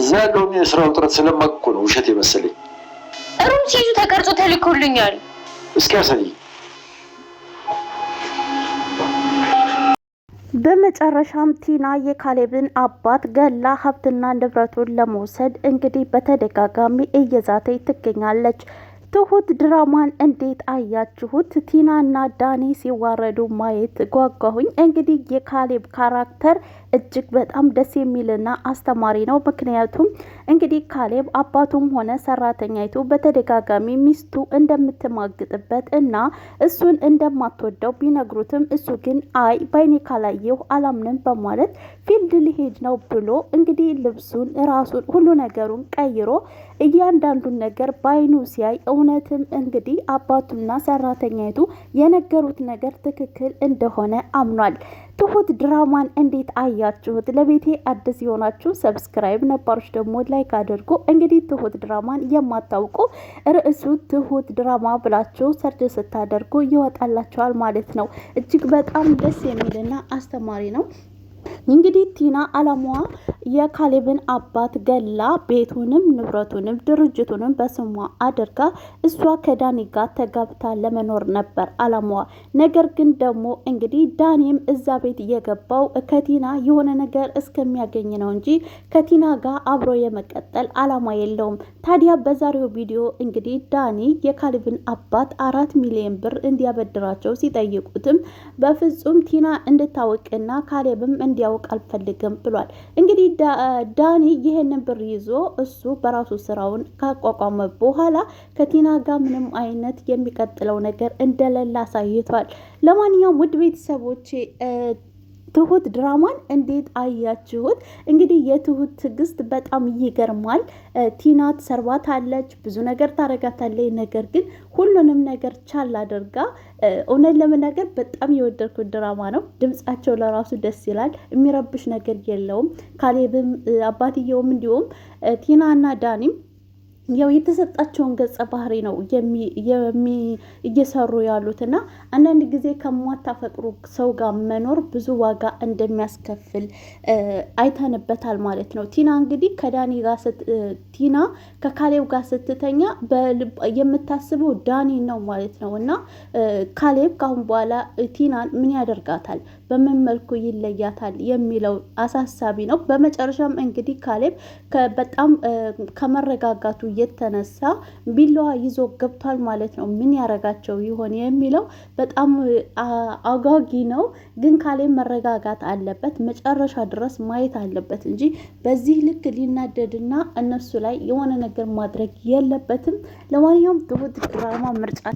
እዛ ያለውን የስራ ውጥረት ስለማውቅ ነው ውሸት የመሰለኝ። ሩም ሲይዙ ተቀርጾ ተልኮልኛል። እስኪ ያሳይ። በመጨረሻም ቲና የካሌብን አባት ገላ ሀብትና ንብረቱን ለመውሰድ እንግዲህ በተደጋጋሚ እየዛተች ትገኛለች። ትሁት ድራማን እንዴት አያችሁት? ቲናና ዳኒ ሲዋረዱ ማየት ጓጓሁኝ። እንግዲህ የካሌብ ካራክተር እጅግ በጣም ደስ የሚልና አስተማሪ ነው። ምክንያቱም እንግዲህ ካሌብ አባቱም ሆነ ሰራተኛይቱ በተደጋጋሚ ሚስቱ እንደምትማግጥበት እና እሱን እንደማትወደው ቢነግሩትም እሱ ግን አይ ባይኔ ካላየሁ አላምንም በማለት ፊልድ ሊሄድ ነው ብሎ እንግዲህ ልብሱን፣ ራሱን፣ ሁሉ ነገሩን ቀይሮ እያንዳንዱን ነገር ባይኑ ሲያይ እውነትም እንግዲህ አባቱና ሰራተኛይቱ የነገሩት ነገር ትክክል እንደሆነ አምኗል። ትሁት ድራማን እንዴት አያችሁት? ለቤቴ አዲስ የሆናችሁ ሰብስክራይብ፣ ነባሮች ደግሞ ላይክ አድርጉ። እንግዲህ ትሁት ድራማን የማታውቁ ርዕሱ ትሁት ድራማ ብላችሁ ሰርች ስታደርጉ ይወጣላችኋል ማለት ነው። እጅግ በጣም ደስ የሚልና አስተማሪ ነው። እንግዲህ ቲና አላማዋ የካሌብን አባት ገላ ቤቱንም ንብረቱንም ድርጅቱንም በስሟ አድርጋ እሷ ከዳኒ ጋር ተጋብታ ለመኖር ነበር አላማዋ። ነገር ግን ደግሞ እንግዲህ ዳኒም እዛ ቤት የገባው ከቲና የሆነ ነገር እስከሚያገኝ ነው እንጂ ከቲና ጋር አብሮ የመቀጠል አላማ የለውም። ታዲያ በዛሬው ቪዲዮ እንግዲህ ዳኒ የካሌብን አባት አራት ሚሊዮን ብር እንዲያበድራቸው ሲጠይቁትም በፍጹም ቲና እንድታወቅና ካሌብም እንዲያው። ማወቅ አልፈልግም ብሏል። እንግዲህ ዳኒ ይህንን ብር ይዞ እሱ በራሱ ስራውን ካቋቋመ በኋላ ከቲና ጋር ምንም አይነት የሚቀጥለው ነገር እንደሌለ አሳይቷል። ለማንኛውም ውድ ቤተሰቦቼ ትሁት ድራማን እንዴት አያችሁት? እንግዲህ የትሁት ትዕግስት በጣም ይገርማል። ቲና ትሰርባታለች፣ ብዙ ነገር ታረጋታለች። ነገር ግን ሁሉንም ነገር ቻል አድርጋ እውነት ለመናገር በጣም የወደድኩት ድራማ ነው። ድምጻቸው ለራሱ ደስ ይላል፣ የሚረብሽ ነገር የለውም። ካሌብም አባትየውም እንዲሁም ቲናና ዳኒም ያው የተሰጣቸውን ገጸ ባህሪ ነው እየሰሩ ያሉት እና አንዳንድ ጊዜ ከማታፈቅሩ ሰው ጋር መኖር ብዙ ዋጋ እንደሚያስከፍል አይተንበታል ማለት ነው። ቲና እንግዲህ ከዳኒ ጋር ቲና ከካሌብ ጋር ስትተኛ የምታስበው ዳኒ ነው ማለት ነው እና ካሌብ ከአሁን በኋላ ቲናን ምን ያደርጋታል? በምን መልኩ ይለያታል የሚለው አሳሳቢ ነው። በመጨረሻም እንግዲህ ካሌብ በጣም ከመረጋጋቱ የተነሳ ቢላዋ ይዞ ገብቷል ማለት ነው። ምን ያረጋቸው ይሆን የሚለው በጣም አጓጊ ነው። ግን ካሌብ መረጋጋት አለበት፣ መጨረሻ ድረስ ማየት አለበት እንጂ በዚህ ልክ ሊናደድና እነሱ ላይ የሆነ ነገር ማድረግ የለበትም። ለማንኛውም ትሁት ድራማ ምርጫ